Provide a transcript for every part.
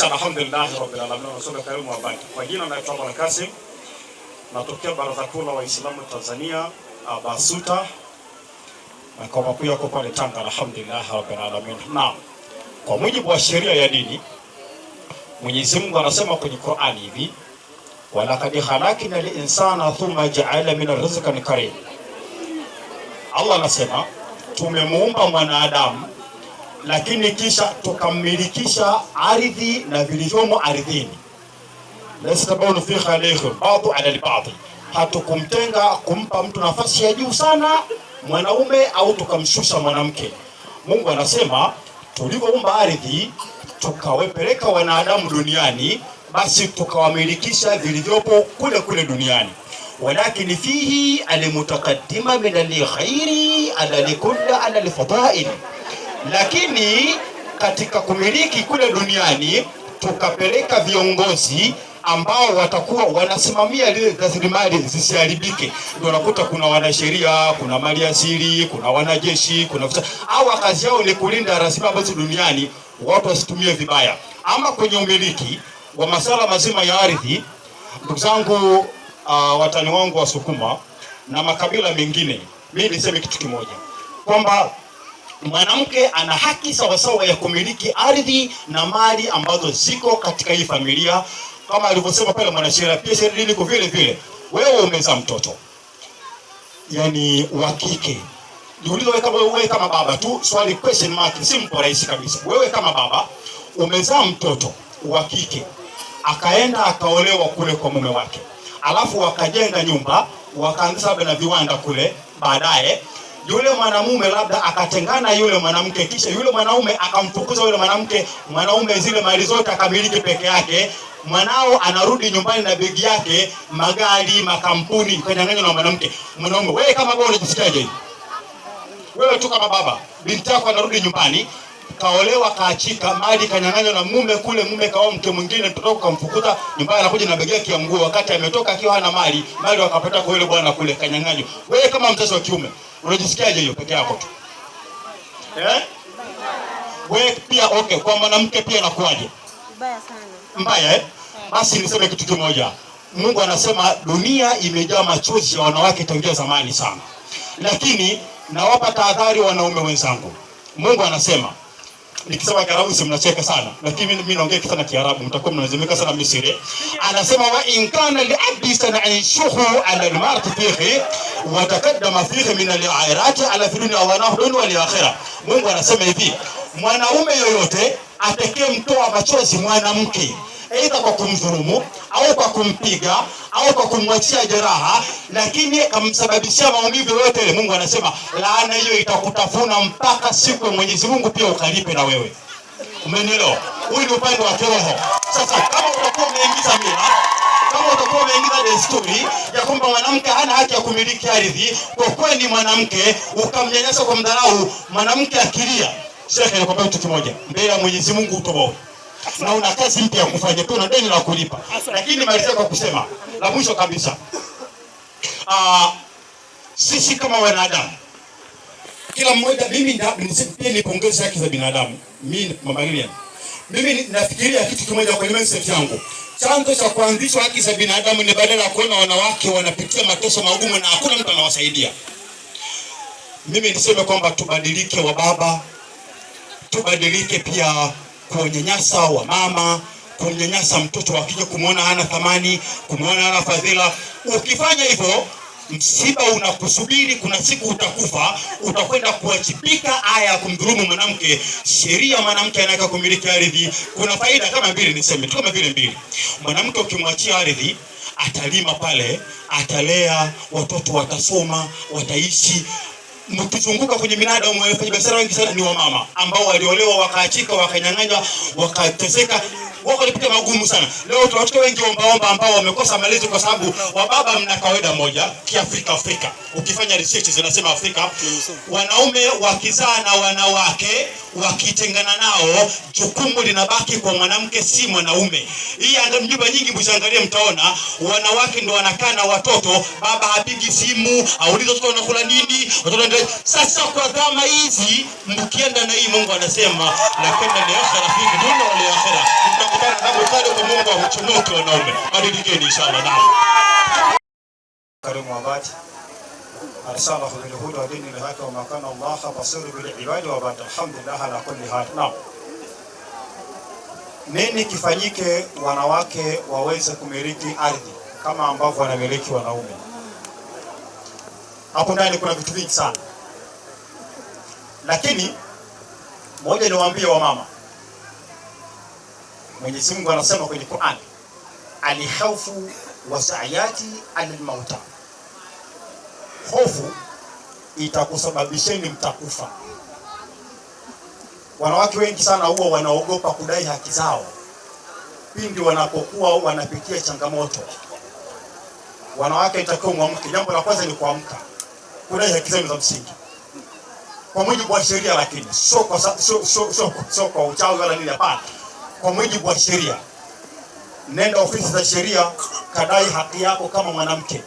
Kisha alhamdulillahi rabbil alamin wasala karimu wabaki. Kwa jina naitwa Bwana Kasim, natokea Baraza Kuu la Waislamu Tanzania Abasuta, makao makuu yako pale Tanga. Alhamdulillahi rabbil alamin. Naam, kwa mujibu wa sheria ya dini Mwenyezi Mungu anasema kwenye Qur'ani hivi, walaqad khalaqna al-insana thumma ja'ala min rizqin karim. Allah anasema tumemuumba mwanadamu lakini kisha tukamilikisha ardhi na vilivyomo ardhini. Lastabaunu fi khalihi ba'du ala al hatukumtenga kumpa mtu nafasi ya juu sana mwanaume au tukamshusha mwanamke. Mungu anasema tulivyoumba ardhi tukawepeleka wanadamu duniani, basi tukawamilikisha vilivyopo kule kule duniani walakini fihi alimutakaddima min alkhairi ala likulli ala alfadaili lakini katika kumiliki kule duniani tukapeleka viongozi ambao watakuwa wanasimamia lile rasilimali zisiharibike. Ndio unakuta kuna wanasheria, kuna mali asili, kuna wanajeshi, kuna au kazi yao ni kulinda rasilimali ambazo duniani watu wasitumie vibaya, ama kwenye umiliki wa masala mazima ya ardhi. Ndugu zangu, uh, watani wangu wa Sukuma na makabila mengine, mimi niseme kitu kimoja kwamba mwanamke ana haki sawasawa ya kumiliki ardhi na mali ambazo ziko katika hii familia, kama alivyosema pale mwanasheria pia vile vile, wewe umezaa mtoto yani wa kike Niulize kama wewe kama baba tu swali question mark, simple rahisi kabisa. Wewe kama baba umezaa mtoto wa kike akaenda akaolewa kule kwa mume wake, alafu wakajenga nyumba wakaanza na viwanda kule baadaye yule mwanamume labda akatengana yule mwanamke, kisha yule mwanaume akamfukuza yule mwanamke, mwanaume zile mali zote akamiliki peke yake. Mwanao anarudi nyumbani na begi yake, magari, makampuni, kanyang'anywa na mwanamke. Mwanaume, wewe kama baba unajisikiaje? Wewe tu kama baba, binti yako anarudi nyumbani kaolewa, kaachika, mali kanyang'anywa na mume kule, mume kaoa mke mwingine, mtoto kamfukuta nyumbani, anakuja na begi yake ya nguo, wakati ametoka akiwa hana mali, mali wakapata kwa yule bwana kule, kanyang'anywa. Wewe kama mzazi wa kiume unajisikiaje hiyo peke yako tu eh? Wewe pia okay, kwa mwanamke pia inakuwaje? Mbaya sana, mbaya eh? Basi niseme kitu kimoja. Mungu anasema dunia imejaa machozi ya wanawake tangia zamani sana, lakini nawapa tahadhari wanaume wenzangu. Mungu anasema Nikisema Kiarabu si mnacheka sana, lakini mimi naongea sana Kiarabu, mtakuwa mnazimika sana Misri. Anasema wa in kana li abdi sanaishuhu ala almart fihi wa taqaddama fihi min alirati ala filun wa nahdun wal akhirah. Mungu anasema hivi, mwanaume yoyote atakayemtoa machozi mwanamke aidha kwa kumdhulumu au kwa kumpiga au kwa kumwachia jeraha, lakini akamsababishia maumivu yote ile, Mungu anasema laana hiyo itakutafuna mpaka siku ya Mwenyezi Mungu pia ukalipe na wewe. Umenielewa? Huyu ni upande wa kiroho. Sasa kama utakuwa umeingiza mila kama utakuwa umeingiza desturi ya kwamba mwanamke hana haki ya kumiliki ardhi, kwa kweli ni mwanamke ukamnyanyasa kwa mdharau, mwanamke akilia, shekhe, nakwambia kitu kimoja, mbele ya Mwenyezi Mungu utoboe na una kazi mpya ya kufanya pia, una deni la kulipa. Lakini nimalizia kwa kusema la mwisho kabisa, uh, sisi kama wanadamu kila mmoja, mimi pia nipongeze haki za binadamu. Mimi Mama Gillian, mimi nafikiria kitu kimoja kwenye mindset yangu chanzo cha kuanzishwa haki za binadamu ni badala ya kuona wanawake wanapitia mateso magumu na hakuna mtu anawasaidia. Mimi niseme kwamba tubadilike, wababa, tubadilike pia kunyanyasa mama, kumnyanyasa mtoto wa kike, kumwona hana thamani, kumwona hana fadhila. Ukifanya hivyo msiba unakusubiri. Kuna siku utakufa, utakwenda kuwajibika. Aya ya kumdhulumu mwanamke, sheria mwanamke anaweka kumiliki ardhi, kuna faida kama mbili, niseme tu kama vile mbili. Mwanamke ukimwachia ardhi, atalima pale, atalea watoto, watasoma, wataishi mkizunguka kwenye minada biashara wengi sana ni wamama ambao waliolewa wakaachika, wakanyang'anywa, wakateseka wako nipita magumu sana. Leo tunakuta wengi ombaomba ambao wamekosa malezi kwa sababu wa baba mna kawaida moja kiafrika. Afrika ukifanya research zinasema Afrika wanaume wakizaa na wanawake wakitengana nao, jukumu linabaki kwa mwanamke, si mwanaume. Hii hata mjumba nyingi mshangalie, mtaona wanawake ndio wanakaa na watoto, baba hapigi simu, auliza watoto wanakula nini, watoto ndio. Sasa kwa dhama hizi mkienda na hii, Mungu anasema lakini ni rafiki macho yote wanaume, badilikeni inshallah. nao karimu abati arsala bil huda wa dini al wa kana Allah basir bil ibad wa ba'd. Alhamdulillah ala kulli hal. nao nini kifanyike wanawake waweze kumiliki ardhi kama ambavyo wanamiliki wanaume? Hapo ndani kuna vitu vingi sana, lakini moja niwaambie wamama Mwenyezi Mungu anasema kwenye Qur'an, alkhawfu wa sa'yati almauta, hofu itakusababisheni mtakufa. Wanawake wengi sana huwa wanaogopa kudai haki zao pindi wanapokuwa wanapitia changamoto. Wanawake itakiwa mwamke. Jambo la kwanza ni kuamka kudai haki zenu za msingi kwa mujibu wa sheria, lakini sio kwa uchawi wala nini, hapana kwa mujibu wa sheria. Nenda ofisi za sheria, kadai haki yako kama mwanamke.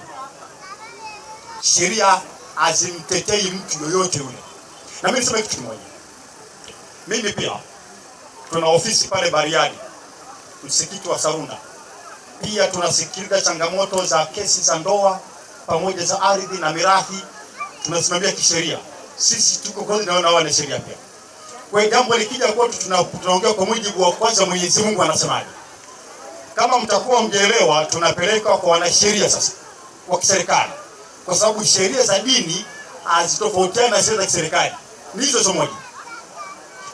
Sheria azimtetei mtu yoyote yule. Na mimi sema kitu kimoja, mimi pia tuna ofisi pale Bariadi, msikiti wa Sarunda. Pia tunasikiliza changamoto za kesi za ndoa pamoja za ardhi na mirathi, tunasimamia kisheria. Sisi tuko na sheria pia kwa hiyo jambo likija kwetu, tunaongea kwa mujibu wa kwanza, Mwenyezi Mungu anasemaje. Kama mtakuwa mjelewa, tunapeleka kwa wanasheria sasa wa kiserikali, kwa sababu sheria za dini hazitofautiana na sheria za kiserikali, ni hizo hizo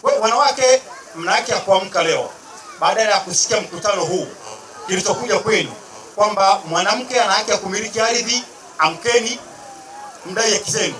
Kwa wanawake, mna haki ya kuamka leo baada ya kusikia mkutano huu, kilichokuja kwenu kwamba mwanamke ana haki ya kumiliki ardhi, amkeni mdai haki zenu.